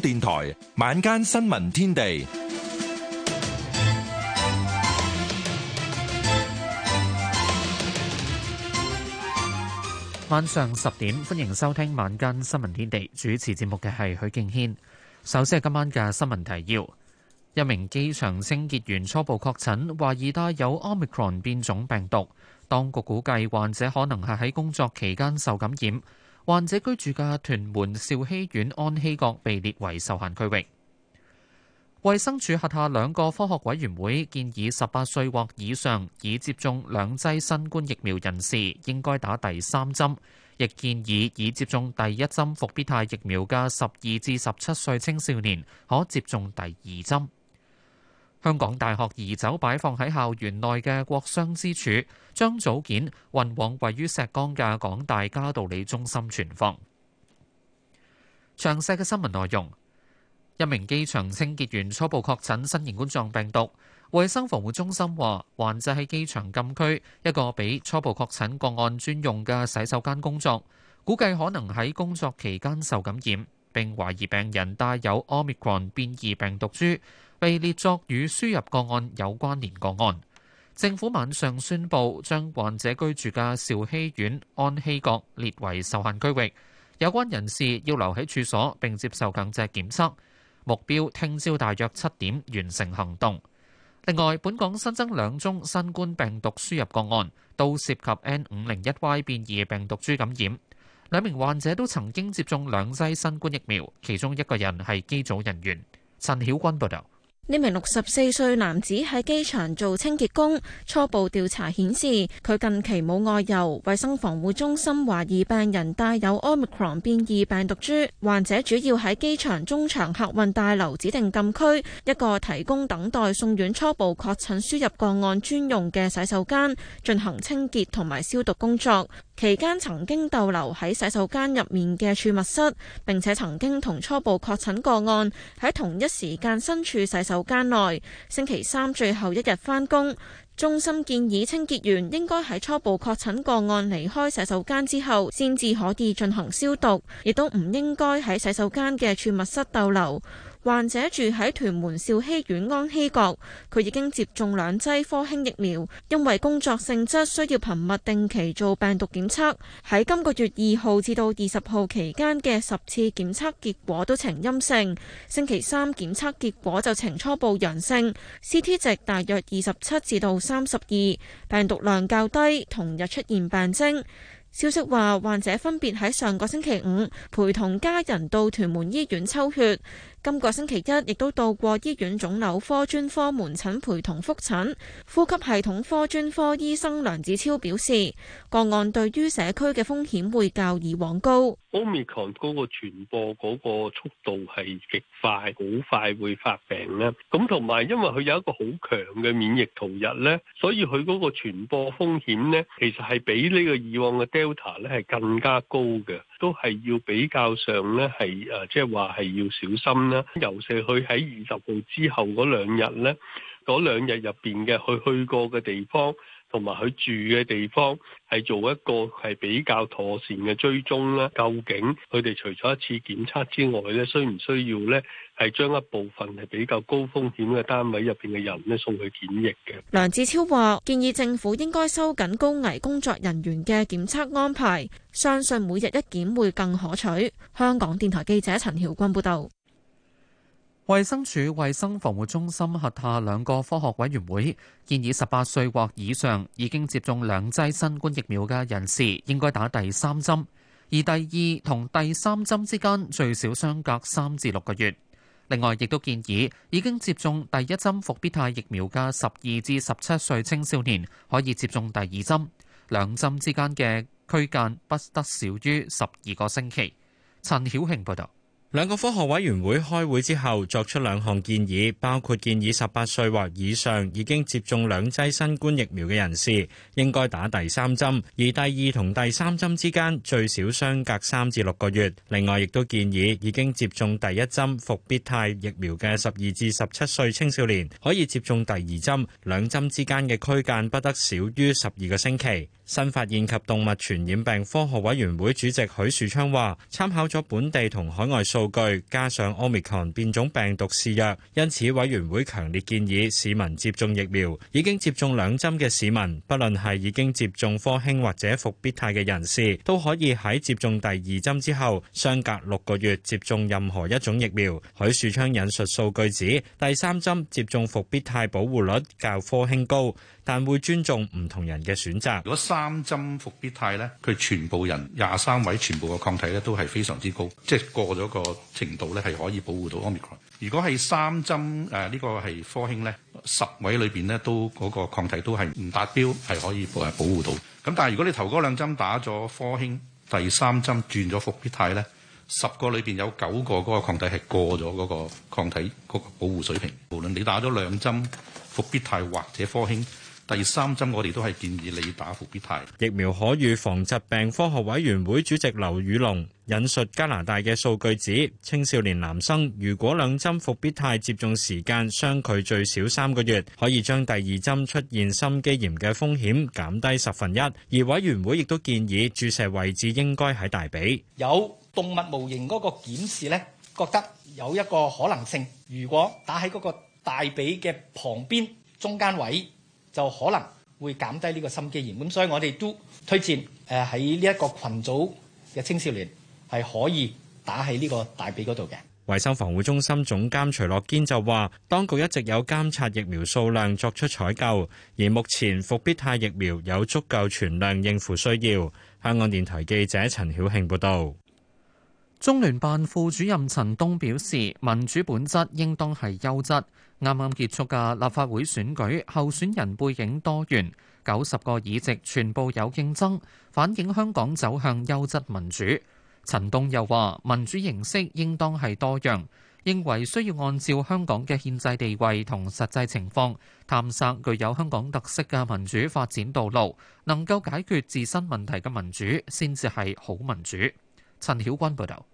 電台晚間新聞天地，晚上十點，歡迎收聽晚間新聞天地。主持節目嘅係許敬軒。首先係今晚嘅新聞提要：一名機場清潔員初步確診，懷疑帶有 Omicron 變種病毒。當局估計患者可能係喺工作期間受感染。患者居住嘅屯門兆禧苑安禧閣被列為受限區域。衛生署轄下兩個科學委員會建議，十八歲或以上已接種兩劑新冠疫苗人士應該打第三針，亦建議已接種第一針復必泰疫苗嘅十二至十七歲青少年可接種第二針。香港大學移走擺放喺校園內嘅國殤之柱，將組件運往位於石崗嘅港大嘉道理中心存放。詳細嘅新聞內容，一名機場清潔員初步確診新型冠狀病毒。衞生防護中心話，患者喺機場禁區一個畀初步確診個案專用嘅洗手間工作，估計可能喺工作期間受感染，並懷疑病人帶有 Omicron 變異病毒株。被列作與輸入個案有關連個案。政府晚上宣布，將患者居住嘅兆禧苑安禧閣列為受限區域，有關人士要留喺處所並接受強制檢測，目標聽朝大約七點完成行動，另外，本港新增兩宗新冠病毒輸入個案，都涉及 n 五零一 y 變異病毒株感染。兩名患者都曾經接種兩劑新冠疫苗，其中一個人係機組人員，陳曉君報道。呢名六十四歲男子喺機場做清潔工，初步調查顯示佢近期冇外遊。衛生防護中心懷疑病人帶有 Omicron 變異病毒株，患者主要喺機場中場客運大樓指定禁區一個提供等待送院初步確診輸入個案專用嘅洗手間進行清潔同埋消毒工作，期間曾經逗留喺洗手間入面嘅儲物室，並且曾經同初步確診個案喺同一時間身處洗手間內。星期三最後一日返工，中心建議清潔員應該喺初步確診個案離開洗手間之後，先至可以進行消毒，亦都唔應該喺洗手間嘅儲物室逗留。患者住喺屯門兆禧苑安禧閣，佢已經接種兩劑科興疫苗。因為工作性質需要頻密定期做病毒檢測，喺今個月二號至到二十號期間嘅十次檢測結果都呈陰性。星期三檢測結果就呈初步陽性，CT 值大約二十七至到三十二，病毒量較低，同日出現病徵。消息話，患者分別喺上個星期五陪同家人到屯門醫院抽血。今個星期一亦都到過醫院腫瘤科專科門診陪同覆診，呼吸系統科專科醫生梁子超表示，個案對於社區嘅風險會較以往高。Omicron 嗰個傳播嗰個速度係極快，好快會發病咧。咁同埋因為佢有一個好強嘅免疫逃逸咧，所以佢嗰個傳播風險咧，其實係比呢個以往嘅 Delta 咧係更加高嘅。都係要比較上咧，係、呃、誒，即係話係要小心啦。尤其佢喺二十號之後嗰兩日咧，嗰兩日入邊嘅佢去過嘅地方，同埋佢住嘅地方，係做一個係比較妥善嘅追蹤啦。究竟佢哋除咗一次檢測之外咧，需唔需要咧？係將一部分係比較高風險嘅單位入邊嘅人咧，送去檢疫嘅。梁志超話建議政府應該收緊高危工作人員嘅檢測安排，相信每日一檢會更可取。香港電台記者陳曉君報道。衛生署衛生防護中心轄下兩個科學委員會建議，十八歲或以上已經接種兩劑新冠疫苗嘅人士應該打第三針，而第二同第三針之間最少相隔三至六個月。另外，亦都建議已經接種第一針復必泰疫苗嘅十二至十七歲青少年，可以接種第二針。兩針之間嘅區間不得少於十二個星期。陳曉慶報導。兩個科學委員會開會之後作出兩項建議，包括建議十八歲或以上已經接種兩劑新冠疫苗嘅人士應該打第三針，而第二同第三針之間最少相隔三至六個月。另外，亦都建議已經接種第一針復必泰疫苗嘅十二至十七歲青少年可以接種第二針，兩針之間嘅區間不得少於十二個星期。新發現及動物傳染病科學委員會主席許樹昌話，參考咗本地同海外。數據加上 Omicron 變種病毒肆虐，因此委員會強烈建議市民接種疫苗。已經接種兩針嘅市民，不論係已經接種科興或者復必泰嘅人士，都可以喺接種第二針之後，相隔六個月接種任何一種疫苗。許樹昌引述數據指，第三針接種復必泰保護率較科興高。但會尊重唔同人嘅選擇。如果三針復必泰咧，佢全部人廿三位全部嘅抗體咧都係非常之高，即係過咗個程度咧係可以保護到奧密克戎。如果係三針誒呢個係科興咧，十位裏邊咧都嗰個抗體都係唔達標係可以誒保護到。咁但係如果你頭嗰兩針打咗科興，第三針轉咗復必泰咧，十個裏邊有九個嗰個抗體係過咗嗰個抗體嗰個保護水平。無論你打咗兩針復必泰或者科興。第三針，我哋都係建議你要打復必泰。疫苗可預防疾病科學委員會主席劉宇龍引述加拿大嘅數據，指青少年男生如果兩針復必泰接種時間相距最少三個月，可以將第二針出現心肌炎嘅風險減低十分一。而委員會亦都建議注射位置應該喺大髀。有動物模型嗰個檢視呢，覺得有一個可能性，如果打喺嗰個大髀嘅旁邊中間位，就可能會減低呢個心肌炎，咁所以我哋都推薦誒喺呢一個群組嘅青少年係可以打喺呢個大髀嗰度嘅。衞生防護中心總監徐樂堅就話，當局一直有監察疫苗數量作出採購，而目前復必泰疫苗有足夠存量應付需要。香港電台記者陳曉慶報道。中聯辦副主任陳東表示，民主本質應當係優質。啱啱結束嘅立法會選舉，候選人背景多元，九十個議席全部有競爭，反映香港走向優質民主。陳東又話，民主形式應當係多樣，認為需要按照香港嘅憲制地位同實際情況，探索具有香港特色嘅民主發展道路，能夠解決自身問題嘅民主，先至係好民主。陳曉君報道。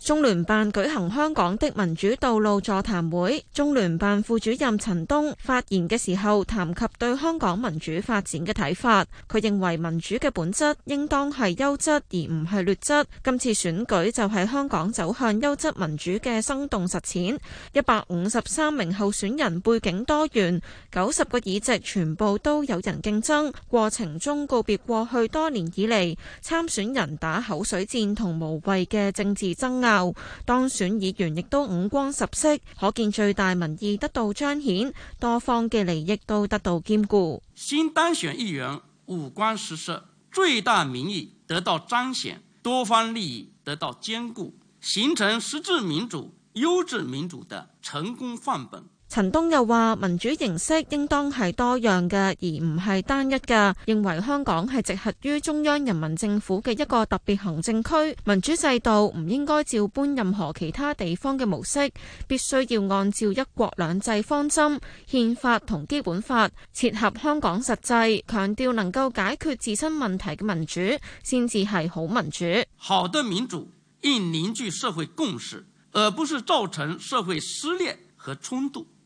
中聯辦舉行香港的民主道路座談會，中聯辦副主任陳東發言嘅時候談及對香港民主發展嘅睇法。佢認為民主嘅本質應當係優質而唔係劣質。今次選舉就係香港走向優質民主嘅生動實踐。一百五十三名候選人背景多元，九十個議席全部都有人競爭。過程中告別過去多年以嚟參選人打口水戰同無謂嘅政治爭拗。當選議員亦都五光十色，可見最大民意得到彰顯，多方嘅利益都得到兼顧。新當選議員五光十色，最大民意得到彰顯，多方利益得到兼顧，形成實質民主、優質民主的成功範本。陳東又話：民主形式應當係多樣嘅，而唔係單一嘅。認為香港係直轄於中央人民政府嘅一個特別行政區，民主制度唔應該照搬任何其他地方嘅模式，必須要按照一國兩制方針、憲法同基本法，切合香港實際，強調能夠解決自身問題嘅民主先至係好民主。民主好的民主應凝聚社會共識，而不是造成社會撕裂和衝突。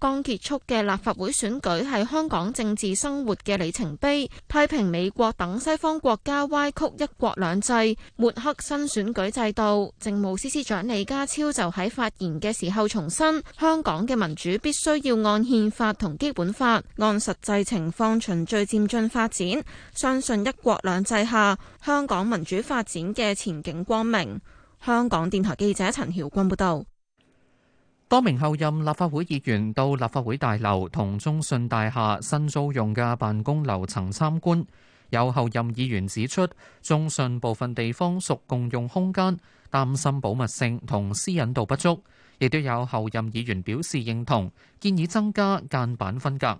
剛結束嘅立法會選舉係香港政治生活嘅里程碑，批評美國等西方國家歪曲一國兩制、抹黑新選舉制度。政務司司長李家超就喺發言嘅時候重申，香港嘅民主必須要按憲法同基本法，按實際情況循序漸進發展。相信一國兩制下，香港民主發展嘅前景光明。香港電台記者陳曉君報道。多名候任立法會議員到立法會大樓同中信大廈新租用嘅辦公樓層參觀，有候任議員指出，中信部分地方屬共用空間，擔心保密性同私隱度不足，亦都有候任議員表示認同，建議增加間板分隔。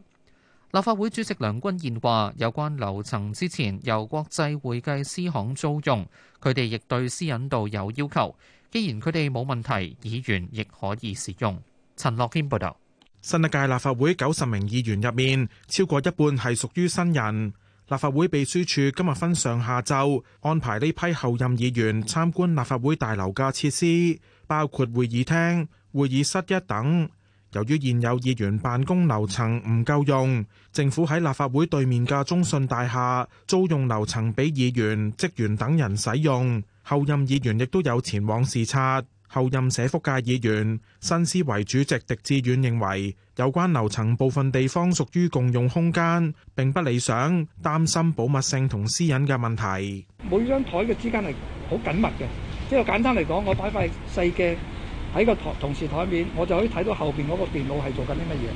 立法會主席梁君彥話：有關樓層之前由國際會計師行租用，佢哋亦對私隱度有要求。既然佢哋冇問題，議員亦可以使用。陳樂軒報道。新一屆立法會九十名議員入面，超過一半係屬於新人。立法會秘書處今日分上下晝安排呢批候任議員參觀立法會大樓嘅設施，包括會議廳、會議室一等。由於現有議員辦公樓層唔夠用，政府喺立法會對面嘅中信大廈租用樓層俾議員職員等人使用。候任議員亦都有前往視察，候任社福界議員、新思維主席狄志遠認為，有關樓層部分地方屬於共用空間，並不理想，擔心保密性同私隱嘅問題。每張台嘅之間係好緊密嘅，即係簡單嚟講，我擺塊細嘅喺個同同事台面，我就可以睇到後邊嗰個電腦係做緊啲乜嘢。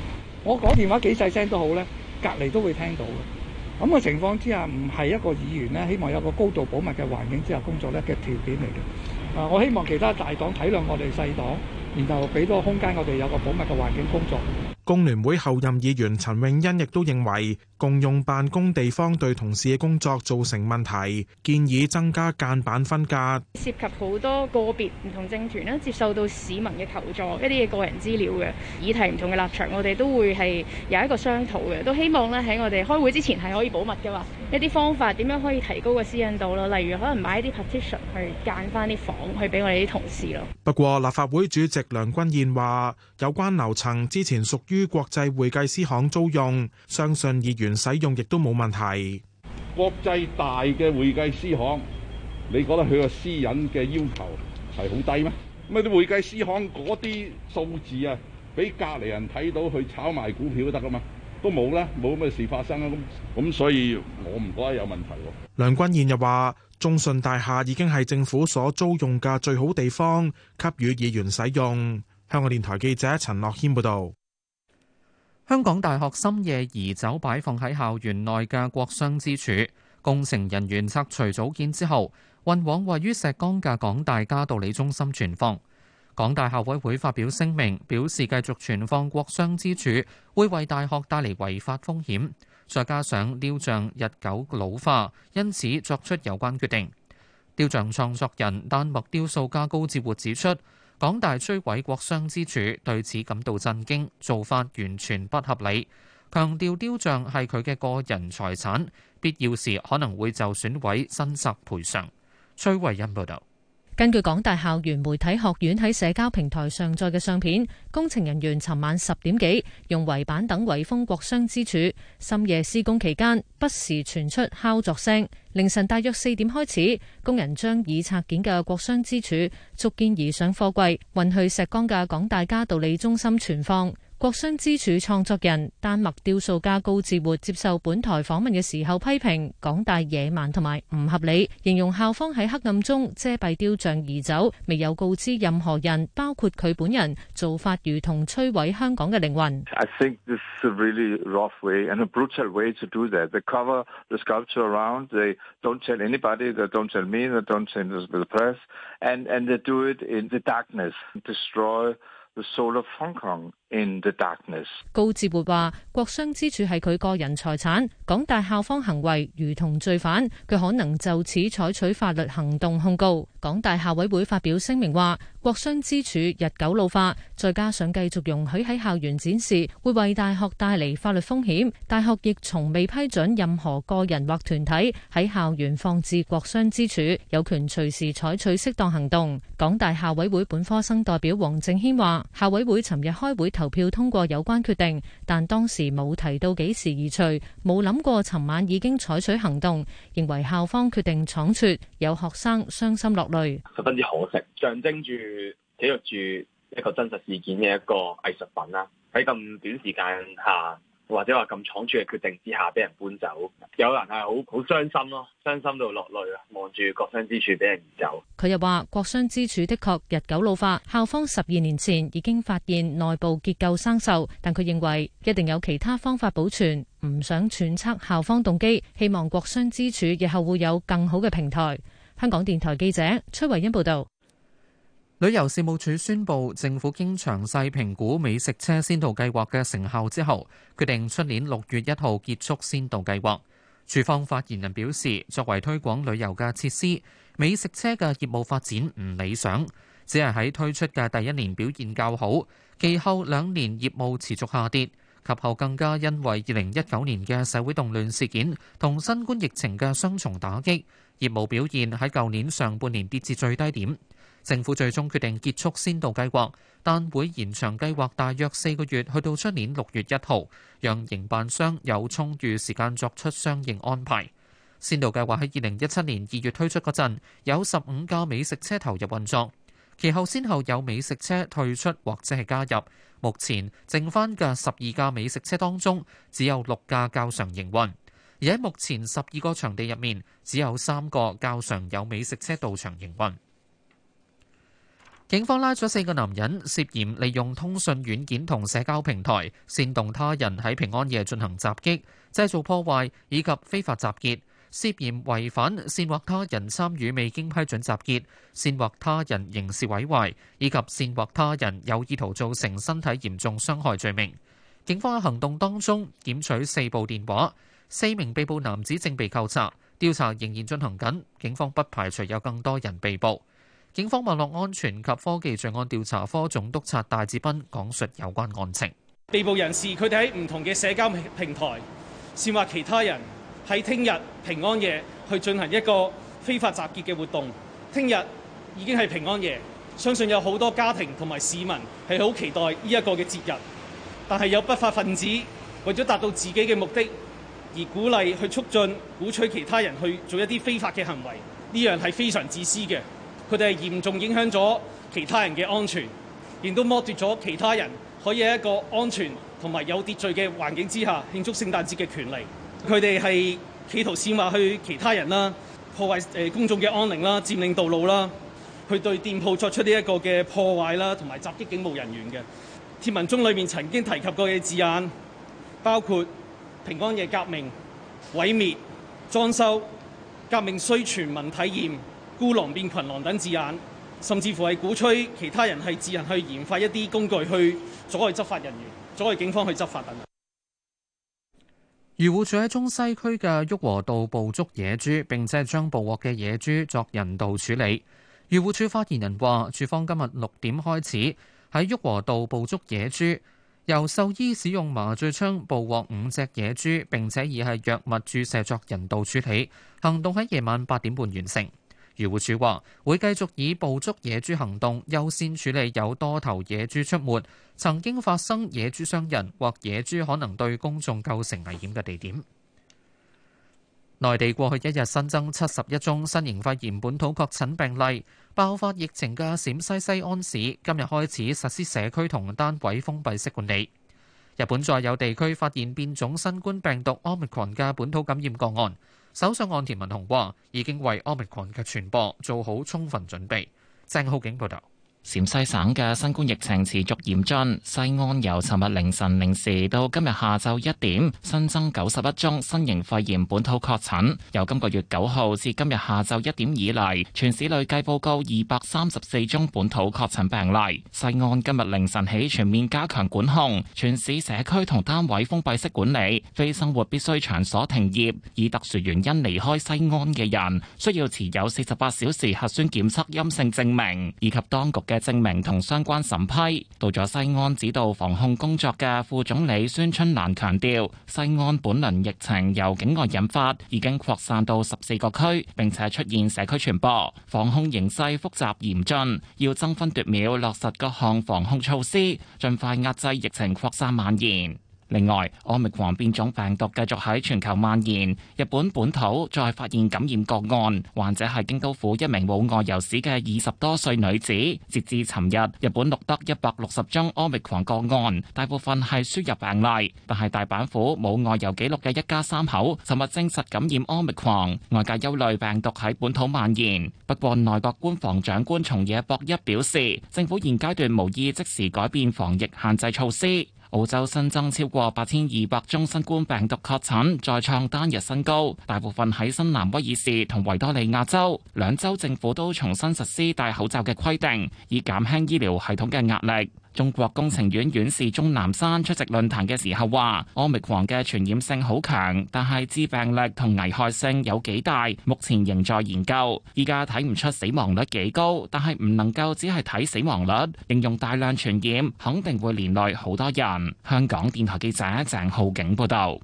我講電話幾細聲都好咧，隔籬都會聽到嘅。咁嘅情況之下，唔係一個議員咧，希望有個高度保密嘅環境之下工作咧嘅條件嚟嘅。啊，我希望其他大黨體諒我哋細黨，然後俾多空間我哋有個保密嘅環境工作。工聯會候任議員陳穎欣亦都認為共用辦公地方對同事嘅工作造成問題，建議增加間板分隔。涉及好多個別唔同政團啦，接受到市民嘅求助一啲嘅個人資料嘅議題，唔同嘅立場，我哋都會係有一個商討嘅，都希望咧喺我哋開會之前係可以保密㗎嘛。一啲方法點樣可以提高個私隱度咯，例如可能買一啲 partition 去間翻啲房去俾我哋啲同事咯。不過立法會主席梁君彥話，有關樓層之前屬。於國際會計師行租用，相信議員使用亦都冇問題。國際大嘅會計師行，你覺得佢個私隱嘅要求係好低咩？咁啲會計師行嗰啲數字啊，俾隔籬人睇到去炒賣股票都得噶嘛，都冇啦，冇咩事發生啦。咁咁，所以我唔覺得有問題喎。梁君彥又話：中信大廈已經係政府所租用嘅最好地方，給予議員使用。香港電台記者陳樂謙報道。香港大學深夜移走擺放喺校園內嘅國殤之柱，工程人員拆除組件之後，運往位於石崗嘅港大嘉道理中心存放。港大校委會發表聲明表示，繼續存放國殤之柱會為大學帶嚟違法風險，再加上雕像日久老化，因此作出有關決定。雕像創作人丹麥雕塑家高志活指出，港大摧毀國殤之柱對此感到震驚，做法完全不合理，強調雕像係佢嘅個人財產，必要時可能會就損毀申索賠償。崔慧欣報導。根據港大校園媒體學院喺社交平台上載嘅相片，工程人員尋晚十點幾用圍板等圍封國殤之柱，深夜施工期間不時傳出敲鑿聲。凌晨大約四點開始，工人將已拆件嘅國殤之柱逐件移上貨櫃，運去石崗嘅港大嘉道理中心存放。國殤之柱創作人丹麥雕塑家高志活接受本台訪問嘅時候，批評港大野蠻同埋唔合理，形容校方喺黑暗中遮蔽雕像、移走未有告知任何人，包括佢本人，做法如同摧毀香港嘅靈魂。高志活話：國殤之柱係佢個人財產，港大校方行為如同罪犯，佢可能就此採取法律行動控告。港大校委會發表聲明話：國殤之柱日久老化，再加上繼續容許喺校園展示，會為大學帶嚟法律風險。大學亦從未批准任何個人或團體喺校園放置國殤之柱，有權隨時採取適當行動。港大校委會本科生代表黃正軒話：校委會尋日開會，投票通過有關決定，但當時冇提到幾時移除，冇諗過尋晚已經採取行動，認為校方決定倉猝，有學生傷心落淚，十分之可惜，象徵住記錄住一個真實事件嘅一個藝術品啦，喺咁短時間下。或者話咁倉促嘅決定之下，俾人搬走，有人係好好傷心咯，傷心到落淚啊！望住國殤之柱俾人移走。佢又話：國殤之柱的確日久老化，校方十二年前已經發現內部結構生鏽，但佢認為一定有其他方法保存，唔想揣測校方動機，希望國殤之柱日後會有更好嘅平台。香港電台記者崔維恩報道。旅遊事務署宣佈，政府經詳細評估美食車先導計劃嘅成效之後，決定出年六月一號結束先導計劃。署方發言人表示，作為推廣旅遊嘅設施，美食車嘅業務發展唔理想，只係喺推出嘅第一年表現較好，其後兩年業務持續下跌，及後更加因為二零一九年嘅社會動亂事件同新冠疫情嘅雙重打擊，業務表現喺舊年上半年跌至最低點。政府最終決定結束先導計劃，但會延長計劃大約四個月，去到出年六月一號，讓營辦商有充裕時間作出相應安排。先導計劃喺二零一七年二月推出嗰陣，有十五架美食車投入運作，其後先後有美食車退出或者係加入，目前剩翻嘅十二架美食車當中，只有六架較常營運。而喺目前十二個場地入面，只有三個較常有美食車到場營運。警方拉咗四個男人涉嫌利用通訊軟件同社交平台煽動他人喺平安夜進行襲擊、製造破壞以及非法集結，涉嫌違反煽惑他人參與未經批准集結、煽惑他人刑事毀壞以及煽惑他人有意圖造成身體嚴重傷害罪名。警方喺行動當中檢取四部電話，四名被捕男子正被扣查。調查仍然進行緊。警方不排除有更多人被捕。警方網絡安全及科技罪案調查科總督察戴志斌講述有關案情。被捕人士佢哋喺唔同嘅社交平台煽惑其他人喺聽日平安夜去進行一個非法集結嘅活動。聽日已經係平安夜，相信有好多家庭同埋市民係好期待呢一個嘅節日。但係有不法分子為咗達到自己嘅目的而鼓勵去促進、鼓吹其他人去做一啲非法嘅行為，呢樣係非常自私嘅。佢哋係嚴重影響咗其他人嘅安全，亦都剝奪咗其他人可以喺一個安全同埋有秩序嘅環境之下慶祝聖誕節嘅權利。佢哋係企圖煽惑去其他人啦，破壞誒公眾嘅安寧啦，佔領道路啦，去對店鋪作出呢一個嘅破壞啦，同埋襲擊警務人員嘅。貼文中裏面曾經提及過嘅字眼，包括平安夜革命、毀滅、裝修、革命須全民體驗、孤狼變群狼等字眼，甚至乎係鼓吹其他人係自人去研發一啲工具去阻礙執法人員、阻礙警方去執法等。漁護署喺中西區嘅旭龢道捕捉野豬，並且將捕獲嘅野豬作人道處理。漁護署發言人話，處方今日六點開始喺旭龢道捕捉野豬，由獸醫使用麻醉槍捕獲五隻野豬，並且以係藥物注射作人道處理，行動喺夜晚八點半完成。漁護署話會繼續以捕捉野豬行動優先處理有多頭野豬出沒、曾經發生野豬傷人或野豬可能對公眾構成危險嘅地點。內地過去一日新增七十一宗新型肺炎本土確診病例，爆發疫情嘅陝西西安市今日開始實施社區同單位封閉式管理。日本再有地區發現變種新冠病毒 Omicron 嘅本土感染個案。首相岸田文雄話：已經為奧密克戎嘅傳播做好充分準備。鄭浩景報道。陝西省嘅新冠疫情持續嚴峻，西安由尋日凌晨零時到今日下晝一點，新增九十一宗新型肺炎本土確診。由今個月九號至今日下晝一點以嚟，全市累計報告二百三十四宗本土確診病例。西安今日凌晨起全面加強管控，全市社區同單位封閉式管理，非生活必需場所停業。以特殊原因離開西安嘅人，需要持有四十八小時核酸檢測陰性證明，以及當局的嘅證明同相關審批。到咗西安指導防控工作嘅副總理孫春蘭強調，西安本輪疫情由境外引發，已經擴散到十四個區，並且出現社區傳播，防控形勢複雜嚴峻，要爭分奪秒落實各項防控措施，盡快壓制疫情擴散蔓延。另外，Omicron 變種病毒繼續喺全球蔓延。日本本土再發現感染個案，患者係京都府一名冇外遊史嘅二十多歲女子。截至尋日，日本錄得一百六十宗 Omicron 個案，大部分係輸入病例。但係大阪府冇外遊記錄嘅一家三口尋日證實感染 Omicron，外界憂慮病毒喺本土蔓延。不過，內閣官房長官松野博一表示，政府現階段無意即時改變防疫限制措施。澳洲新增超過八千二百宗新冠病毒確診，再創單日新高。大部分喺新南威爾士同維多利亞州，兩州政府都重新實施戴口罩嘅規定，以減輕醫療系統嘅壓力。中國工程院院士鍾南山出席論壇嘅時候話：Omicron 嘅傳染性好強，但係致病率同危害性有幾大，目前仍在研究。依家睇唔出死亡率幾高，但係唔能夠只係睇死亡率。應用大量傳染，肯定會連累好多人。香港電台記者鄭浩景報道。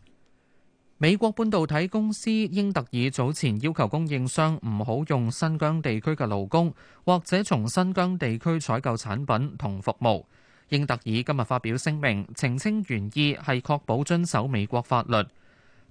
美國半導體公司英特爾早前要求供應商唔好用新疆地區嘅勞工，或者從新疆地區採購產品同服務。英特爾今日發表聲明澄清，原意係確保遵守美國法律，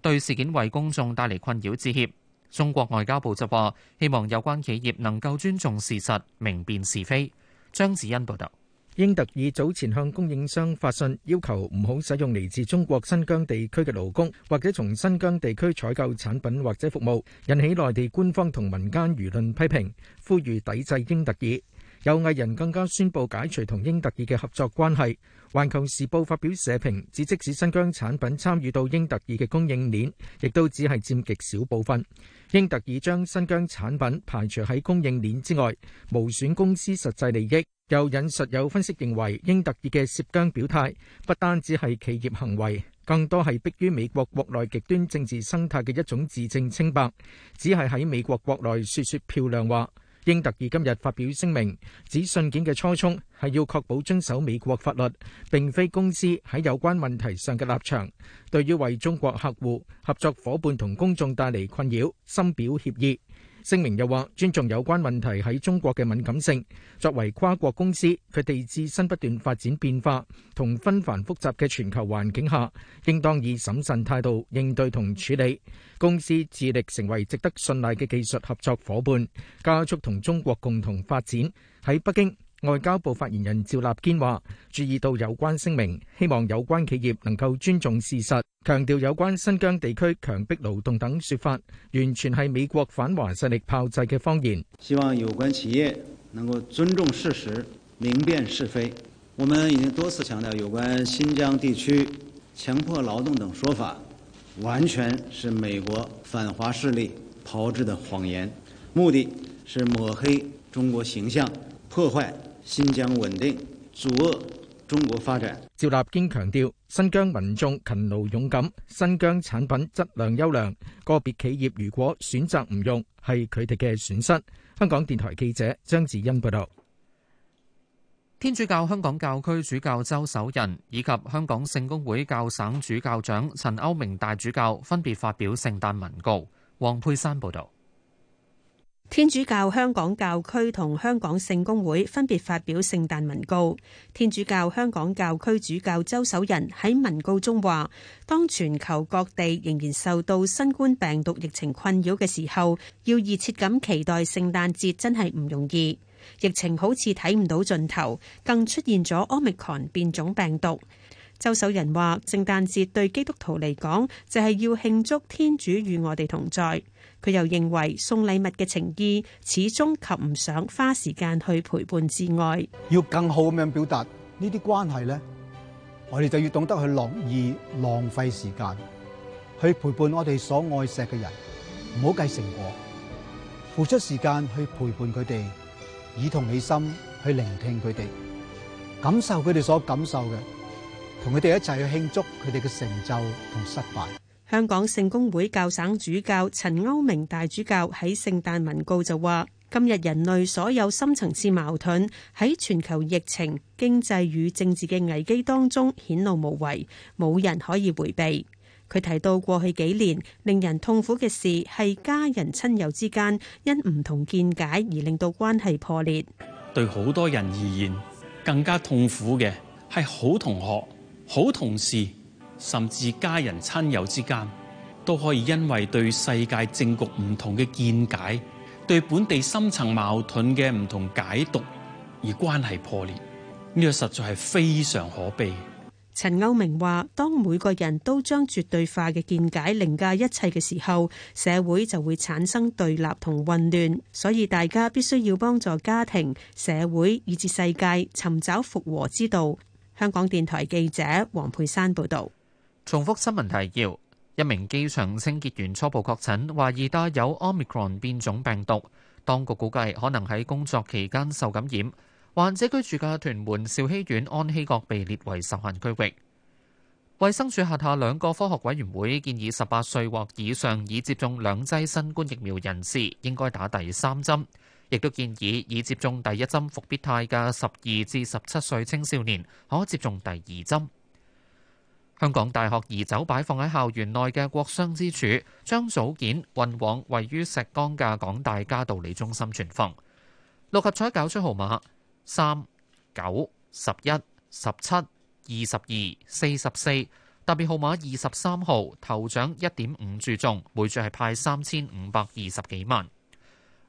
對事件為公眾帶嚟困擾致歉。中國外交部就話，希望有關企業能夠尊重事實，明辨是非。張子恩報道。英特爾早前向供應商發信，要求唔好使用嚟自中國新疆地區嘅勞工，或者從新疆地區採購產品或者服務，引起內地官方同民間輿論批評，呼籲抵制英特爾。有藝人更加宣布解除同英特爾嘅合作關係。環球時報發表社評，指即使新疆產品參與到英特爾嘅供應鏈，亦都只係佔極小部分。英特爾將新疆產品排除喺供應鏈之外，無損公司實際利益。又引述有分析認為，英特爾嘅涉疆表態不單止係企業行為，更多係逼於美國國內極端政治生態嘅一種自證清白，只係喺美國國內說說漂亮話。英特爾今日發表聲明，指信件嘅初衷係要確保遵守美國法律，並非公司喺有關問題上嘅立場。對於為中國客戶、合作伙伴同公眾帶嚟困擾，深表歉意。聲明又話：尊重有關問題喺中國嘅敏感性。作為跨國公司，佢哋置身不斷發展變化，同紛繁複雜嘅全球環境下，應當以審慎態度應對同處理。公司致力成為值得信賴嘅技術合作夥伴，加速同中國共同發展。喺北京。外交部發言人趙立堅話，注意到有關聲明，希望有關企業能夠尊重事實，強調有關新疆地區強迫勞動等說法，完全係美國反華勢力炮製嘅謊言。希望有關企業能夠尊重事實，明辨是非。我們已經多次強調，有關新疆地區強迫勞動等說法，完全是美國反華勢力炮製的謊言，目的是抹黑中國形象，破壞。新疆穩定阻遏中國發展。趙立堅強調，新疆民眾勤勞勇敢，新疆產品質量優良。個別企業如果選擇唔用，係佢哋嘅損失。香港電台記者張智欣報道。天主教香港教區主教周守仁以及香港聖公會教省主教長陳謳明大主教分別發表聖誕文告。黃佩珊報道。天主教香港教區同香港聖公會分別發表聖誕文告。天主教香港教區主教周守仁喺文告中話，當全球各地仍然受到新冠病毒疫情困擾嘅時候，要熱切咁期待聖誕節真係唔容易。疫情好似睇唔到盡頭，更出現咗 Omicron 變種病毒。周守仁話，聖誕節對基督徒嚟講，就係要慶祝天主與我哋同在。佢又認為送禮物嘅情意，始終及唔上花時間去陪伴摯愛。要更好咁樣表達呢啲關係咧，我哋就要懂得去樂意浪費時間去陪伴我哋所愛錫嘅人，唔好計成果，付出時間去陪伴佢哋，以同理心去聆聽佢哋，感受佢哋所感受嘅，同佢哋一齊去慶祝佢哋嘅成就同失敗。香港聖公會教省主教陳歐明大主教喺聖誕文告就話：今日人類所有深層次矛盾喺全球疫情、經濟與政治嘅危機當中顯露無遺，冇人可以回避。佢提到過去幾年令人痛苦嘅事係家人親友之間因唔同見解而令到關係破裂。對好多人而言，更加痛苦嘅係好同學、好同事。甚至家人親友之間都可以因為對世界政局唔同嘅見解，對本地深層矛盾嘅唔同解讀而關係破裂，呢、這個實在係非常可悲。陳歐明話，當每個人都將絕對化嘅見解凌駕一切嘅時候，社會就會產生對立同混亂，所以大家必須要幫助家庭、社會以至世界尋找復和之道。香港電台記者黃佩珊報道。重複新聞提要：一名機場清潔員初步確診，懷疑帶有 Omicron 變種病毒。當局估計可能喺工作期間受感染。患者居住嘅屯門兆禧苑安禧閣被列為受限區域。衛生署轄下兩個科學委員會建議，十八歲或以上已接種兩劑新冠疫苗人士應該打第三針，亦都建議已接種第一針復必泰嘅十二至十七歲青少年可接種第二針。香港大學移走擺放喺校園內嘅國殤之柱，將組件運往位於石崗嘅港大嘉道理中心存放。六合彩攪出號碼三九十一十七二十二四十四，3, 9, 11, 17, 22, 44, 特別號碼二十三號頭獎一點五注中，每注係派三千五百二十幾萬。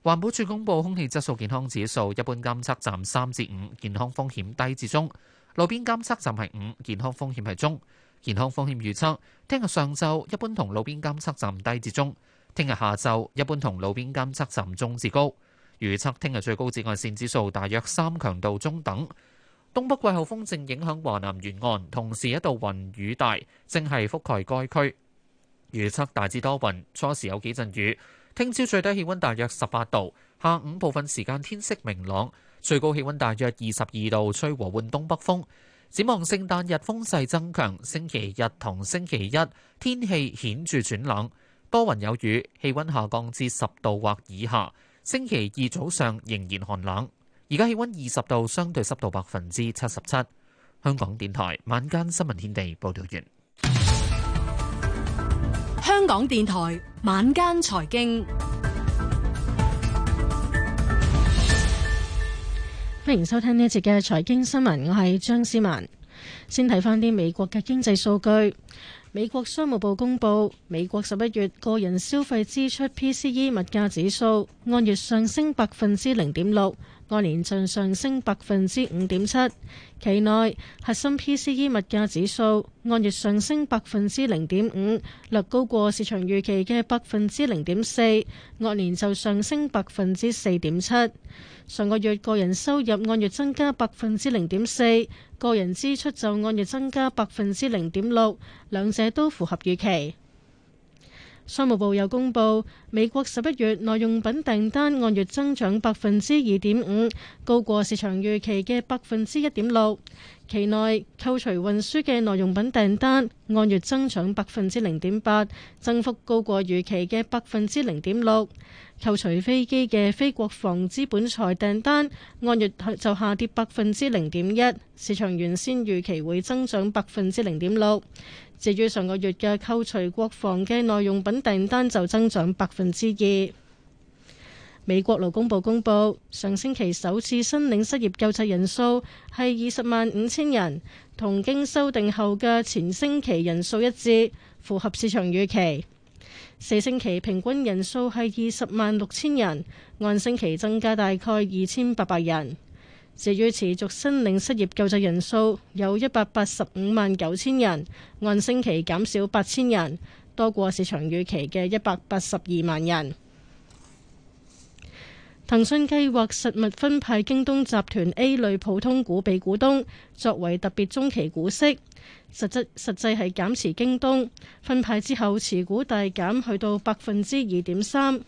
環保署公布空氣質素健康指數，一般監測站三至五，健康風險低至中；路邊監測站係五，健康風險係中。健康風險預測：聽日上晝一般同路邊監測站低至中；聽日下晝一般同路邊監測站中至高。預測聽日最高紫外線指數大約三，強度中等。東北季候風正影響華南沿岸，同時一道雲雨帶，正係覆蓋該區。預測大致多雲，初時有幾陣雨。聽朝最低氣温大約十八度，下午部分時間天色明朗，最高氣温大約二十二度，吹和緩東北風。展望聖誕日風勢增強，星期日同星期一天氣顯著轉冷，多雲有雨，氣温下降至十度或以下。星期二早上仍然寒冷。而家氣温二十度，相對濕度百分之七十七。香港電台晚間新聞天地，報道完。香港電台晚間財經。歡迎收聽呢一節嘅財經新聞，我係張思文。先睇返啲美國嘅經濟數據。美國商務部公布，美國十一月個人消費支出 （PCE） 物價指數按月上升百分之零點六，按年就上升百分之五點七。期內核心 PCE 物價指數按月上升百分之零點五，略高過市場預期嘅百分之零點四，按年就上升百分之四點七。上個月個人收入按月增加百分之零點四。個人支出就按月增加百分之零點六，兩者都符合預期。商務部又公布美國十一月耐用品訂單按月增長百分之二點五，高過市場預期嘅百分之一點六。期內扣除運輸嘅耐用品訂單按月增長百分之零點八，增幅高過預期嘅百分之零點六。扣除飛機嘅非國防資本財訂單按月就下跌百分之零點一，市場原先預期會增長百分之零點六。至於上個月嘅扣除國防嘅耐用品訂單就增長百分之二。美國勞工部公布，上星期首次申領失業救濟人數係二十萬五千人，同經修訂後嘅前星期人數一致，符合市場預期。四星期平均人數係二十萬六千人，按星期增加大概二千八百人。至於持續申領失業救濟人數有一百八十五萬九千人，按星期減少八千人，多過市場預期嘅一百八十二萬人。騰訊計劃實物分派京東集團 A 類普通股俾股東，作為特別中期股息，實質實際係減持京東。分派之後，持股大減去到百分之二點三。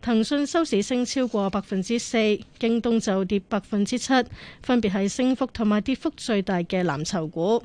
騰訊收市升超過百分之四，京東就跌百分之七，分別係升幅同埋跌幅最大嘅藍籌股。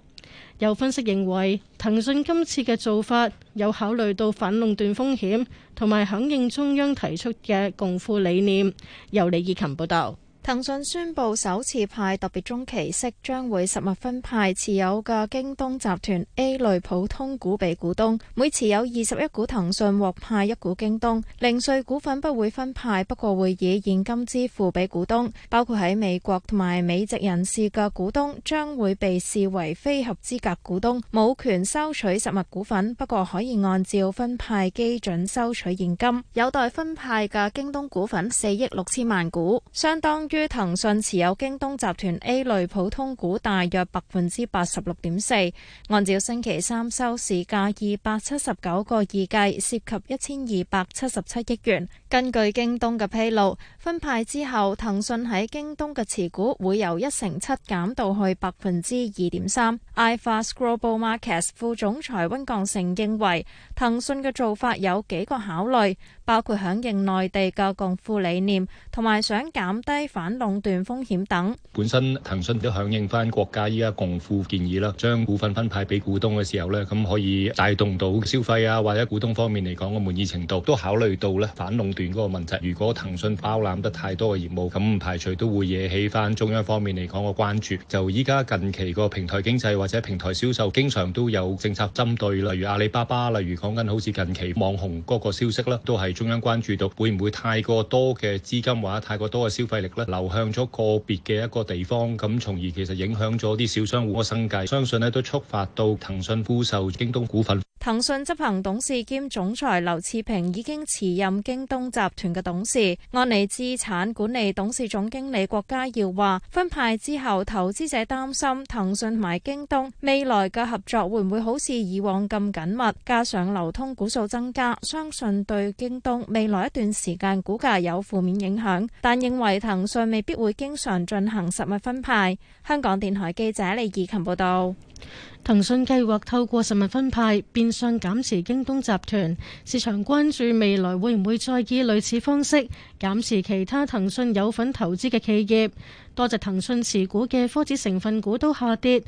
有分析認為，騰訊今次嘅做法有考慮到反壟斷風險，同埋響應中央提出嘅共富理念。由李以琴報道。騰訊宣布首次派特別中期息，將會實物分派持有嘅京東集團 A 類普通股俾股東，每持有二十一股騰訊獲派一股京東。零碎股份不會分派，不過會以現金支付俾股東。包括喺美國同埋美籍人士嘅股東將會被視為非合資格股東，冇權收取實物股份，不過可以按照分派基準收取現金。有待分派嘅京東股份四億六千萬股，相當。於騰訊持有京東集團 A 類普通股大約百分之八十六點四，按照星期三收市價二百七十九個二計，涉及一千二百七十七億元。根據京東嘅披露，分派之後，騰訊喺京東嘅持股會由一成七減到去百分之二點三。IFAS Global Markets 副總裁溫鋼成認為，騰訊嘅做法有幾個考慮。包括響應內地嘅共富理念，同埋想減低反壟斷風險等。本身騰訊都響應翻國家依家共富建議啦，將股份分派俾股東嘅時候咧，咁可以帶動到消費啊，或者股東方面嚟講嘅滿意程度，都考慮到咧反壟斷嗰個問題。如果騰訊包攬得太多嘅業務，咁唔排除都會惹起翻中央方面嚟講嘅關注。就依家近期個平台經濟或者平台銷售，經常都有政策針對，例如阿里巴巴，例如講緊好似近期網紅嗰個消息啦，都係。中央關注到會唔會太過多嘅資金或者太過多嘅消費力流向咗個別嘅一個地方，咁從而其實影響咗啲小商戶嘅生計。相信呢都觸發到騰訊、富秀、京東股份。騰訊執行董事兼總裁劉熾平已經辭任京東集團嘅董事。安利資產管理董事總經理郭家耀話：分派之後，投資者擔心騰訊同埋京東未來嘅合作會唔會好似以往咁緊密。加上流通股數增加，相信對京東未來一段時間股價有負面影響。但認為騰訊未必會經常進行實物分派。香港電台記者李義琴報道。騰訊計劃透過實物分派變相減持京東集團，市場關注未來會唔會再以類似方式減持其他騰訊有份投資嘅企業。多隻騰訊持股嘅科指成分股都下跌，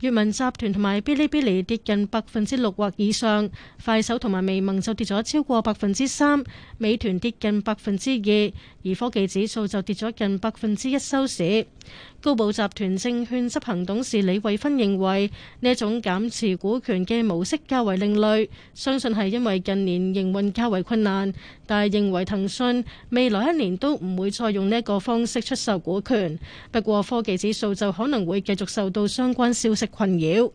閱文集團同埋嗶哩嗶哩跌近百分之六或以上，快手同埋微盟就跌咗超過百分之三，美團跌近百分之二，而科技指數就跌咗近百分之一收市。高寶集團證券執行董事李慧芬認為呢一種減持股權嘅模式較為另類，相信係因為近年營運較為困難，但係認為騰訊未來一年都唔會再用呢個方式出售股權。不過科技指數就可能會繼續受到相關消息困擾。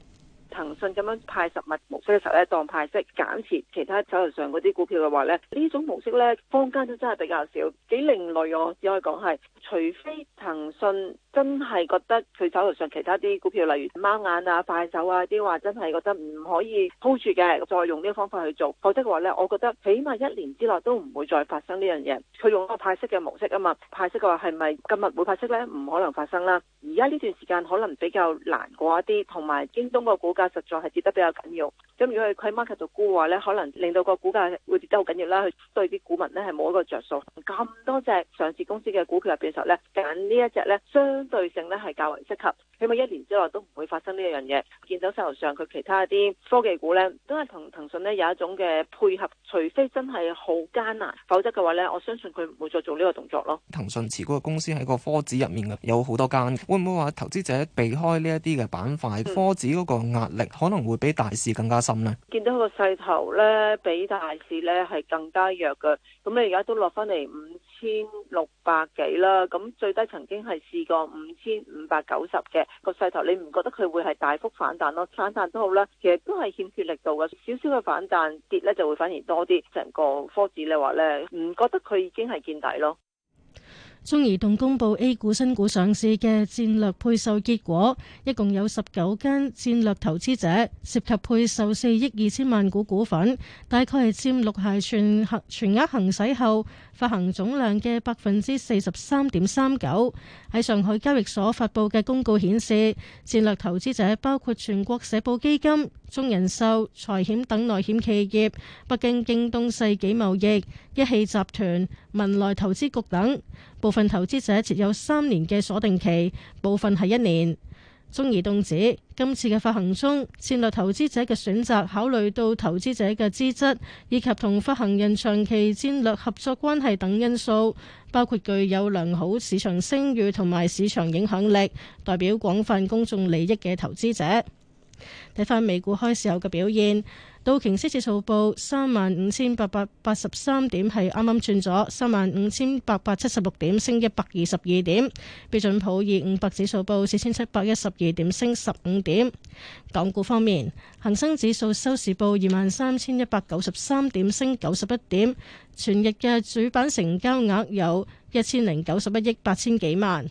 騰訊咁樣派實物模式嘅時候咧，當派息減持其他手頭上嗰啲股票嘅話咧，呢種模式咧，坊間都真係比較少，幾另類哦，只可以講係，除非騰訊。真係覺得佢手頭上其他啲股票，例如貓眼啊、快手啊啲，話真係覺得唔可以 hold 住嘅，再用呢個方法去做。否則嘅話呢，我覺得起碼一年之內都唔會再發生呢樣嘢。佢用嗰個派息嘅模式啊嘛，派息嘅話係咪今日會派息呢？唔可能發生啦。而家呢段時間可能比較難過一啲，同埋京東個股價實在係跌得比較緊要。咁如果佢喺 market 度沽嘅話呢，可能令到個股價會跌得好緊要啦。佢對啲股民呢，係冇一個着數。咁多隻上市公司嘅股票入邊實咧，揀呢一隻呢。相。相對性咧係較為適合。起碼一年之內都唔會發生呢一樣嘢。見到勢頭上，佢其他啲科技股咧，都係同騰訊咧有一種嘅配合。除非真係好艱難，否則嘅話咧，我相信佢唔會再做呢個動作咯。騰訊持股嘅公司喺個科指入面有好多間，會唔會話投資者避開呢一啲嘅板塊？嗯、科指嗰個壓力可能會比大市更加深呢？見到個勢頭咧，比大市咧係更加弱嘅。咁你而家都落翻嚟五千六百幾啦。咁最低曾經係試過五千五百九十嘅。個勢頭你唔覺得佢會係大幅反彈咯？反彈都好啦，其實都係欠缺力度嘅，少少嘅反彈跌咧就會反而多啲。成個科指你話咧，唔覺得佢已經係見底咯。中移動公布 A 股新股上市嘅戰略配售結果，一共有十九間戰略投資者涉及配售四億二千萬股股份，大概係佔綠鞋全行全額行使後發行總量嘅百分之四十三點三九。喺上海交易所發佈嘅公告顯示，戰略投資者包括全國社保基金、中人壽、財險等內險企業，北京京東世紀貿易、一汽集團、文萊投資局等部分投資者設有三年嘅鎖定期，部分係一年。中移動指今次嘅發行中，戰略投資者嘅選擇，考慮到投資者嘅資質以及同發行人長期戰略合作關係等因素，包括具有良好市場聲譽同埋市場影響力、代表廣泛公眾利益嘅投資者。睇翻美股開市後嘅表現，道瓊斯指數報三萬五千八百八十三點，係啱啱轉咗三萬五千八百七十六點，升一百二十二點。標準普爾五百指數報四千七百一十二點，升十五點。港股方面，恒生指數收市報二萬三千一百九十三點，升九十一點。全日嘅主板成交額有一千零九十一億八千幾萬。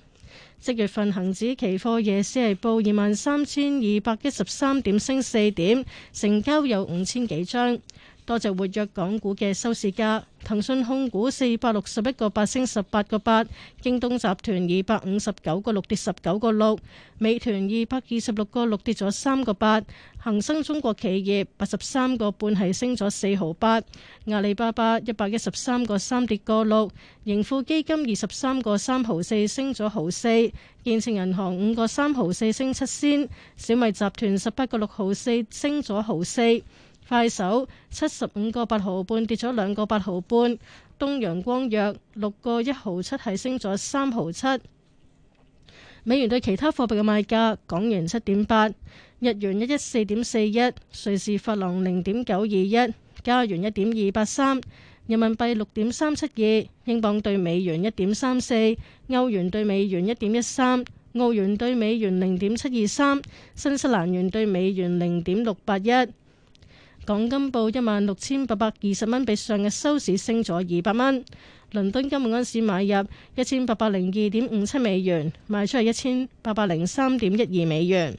即月份恆指期貨夜市係報二萬三千二百一十三點，升四點，成交有五千幾張。多隻活躍港股嘅收市價，騰訊控股四百六十一個八升十八個八，京東集團二百五十九個六跌十九個六，美團二百二十六個六跌咗三個八，恒生中國企業八十三個半係升咗四毫八，阿里巴巴一百一十三個三跌個六，盈富基金二十三個三毫四升咗毫四，建設銀行五個三毫四升七仙，小米集團十八個六毫四升咗毫四。快手七十五個八毫半跌咗兩個八毫半，東陽光藥六個一毫七係升咗三毫七。美元對其他貨幣嘅賣價：港元七點八，日元一一四點四一，瑞士法郎零點九二一，加元一點二八三，人民幣六點三七二，英鎊兌美元一點三四，歐元兌美元一點一三，澳元兌美元零點七二三，新西蘭元兌美元零點六八一。港金報一萬六千八百二十蚊，比上日收市升咗二百蚊。倫敦金安市買入一千八百零二點五七美元，賣出係一千八百零三點一二美元。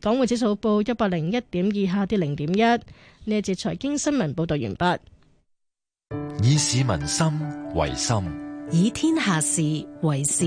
港匯指數報一百零一點二，下跌零點一。呢一節財經新聞報道完畢。以市民心為心，以天下事為事。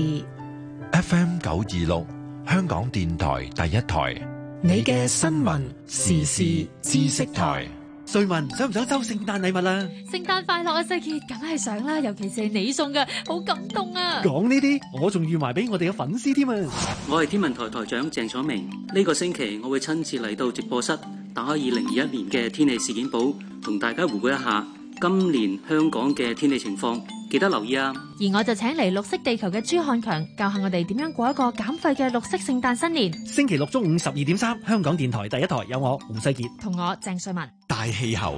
FM 九二六，香港電台第一台，你嘅新聞，新聞時事知識台。瑞文，想唔想收聖誕禮物啊？聖誕快樂啊！世杰，梗係想啦，尤其是係你送嘅，好感動啊！講呢啲，我仲預埋俾我哋嘅粉絲添啊！我係天文台台長鄭楚明，呢個星期我會親自嚟到直播室，打開二零二一年嘅天氣事件簿，同大家回顧一下今年香港嘅天氣情況，記得留意啊！而我就請嚟綠色地球嘅朱漢強教下我哋點樣過一個減廢嘅綠色聖誕新年。星期六中午十二點三，香港電台第一台有我吳世杰同我鄭瑞文。氣候，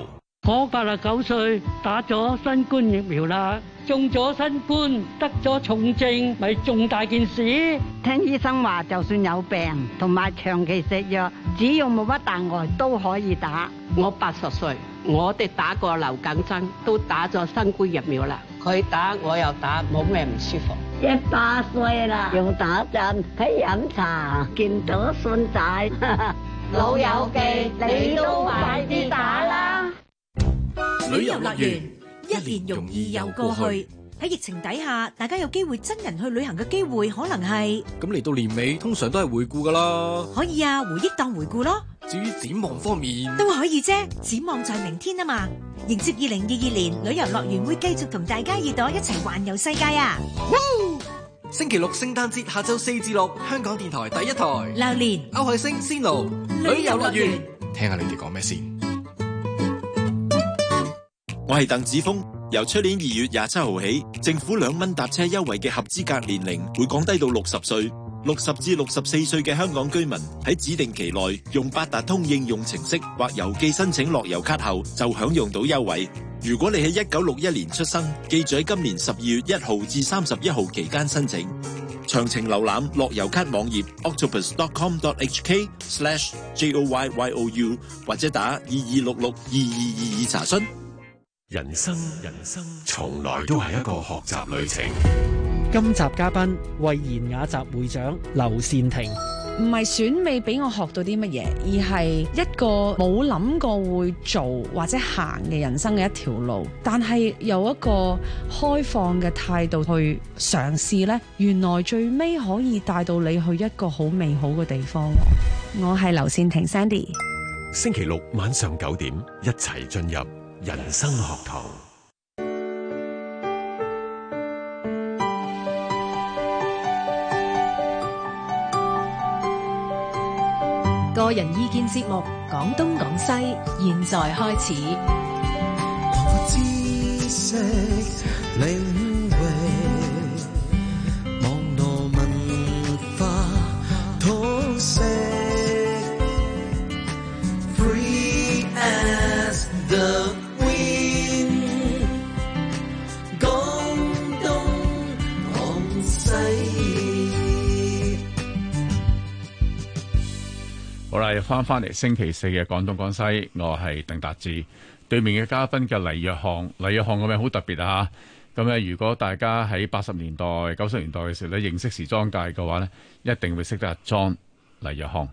我八十九歲打咗新冠疫苗啦，中咗新冠得咗重症咪重大件事。聽醫生話，就算有病同埋長期食藥，只要冇乜大礙都可以打。我八十歲，我哋打過流感針，都打咗新冠疫苗啦。佢打我又打，冇咩唔舒服。一百歲啦，用打針，睇飲茶，見到孫仔。老友記，你都快啲打啦！旅遊樂園一年容易又過去，喺疫情底下，大家有機會真人去旅行嘅機會可能係，咁嚟到年尾，通常都係回顧㗎啦。可以啊，回憶當回顧咯。至於展望方面，都可以啫，展望在明天啊嘛。迎接二零二二年，旅遊樂園會繼續同大家耳朵一齊環遊世界啊！星期六聖誕節下週四至六，香港電台第一台。流年，歐海星，仙奴，旅遊樂園。聽下你哋講咩先？我係鄧子峰。由出年二月廿七號起，政府兩蚊搭車優惠嘅合資格年齡會降低到六十歲。六十至六十四歲嘅香港居民喺指定期內用八達通應用程式或郵寄申請樂悠卡後，就享用到優惠。如果你喺一九六一年出生，記住喺今年十二月一號至三十一號期間申請。詳情瀏覽樂遊卡網頁 octopus.com.hk slash joyyou，或者打二二六六二二二二查詢。人生，人生，從來都係一個學習旅程。今集嘉賓：蔚然雅集會長劉善庭。唔係選美俾我學到啲乜嘢，而係一個冇諗過會做或者行嘅人生嘅一條路，但係有一個開放嘅態度去嘗試呢，原來最尾可以帶到你去一個好美好嘅地方。我係劉善婷 Sandy，星期六晚上九點一齊進入人生學堂。個人意見節目《講東講西》，現在開始。 翻翻嚟星期四嘅廣東廣西，我係鄧達志。對面嘅嘉賓嘅黎若航，黎若航個名好特別啊！咁、嗯、咧，如果大家喺八十年代、九十年代嘅時候咧，認識時裝界嘅話咧，一定會識得裝黎若航。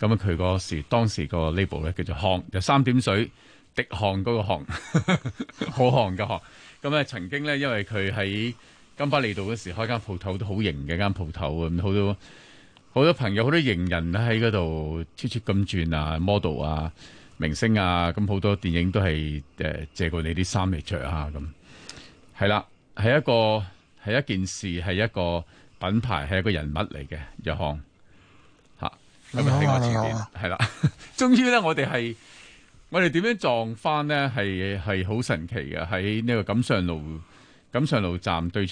咁、嗯、咧，佢嗰時當時個 label 咧叫做漢，就三點水滴漢嗰個漢，好漢嘅漢。咁、嗯、咧，曾經咧，因為佢喺金巴利道嗰時開間鋪頭都好型嘅間鋪頭啊，咁好多。好多朋友、好多型人咧喺度出出咁轉啊，model 啊、明星啊，咁好多電影都係誒、呃、借過你啲衫嚟着啊，咁係啦，係一個係一件事，係一個品牌，係一個人物嚟嘅日航吓。咁啊喺我前面係啦，終於咧我哋係我哋點樣撞翻咧？係係好神奇嘅喺呢個錦上路錦上路站對。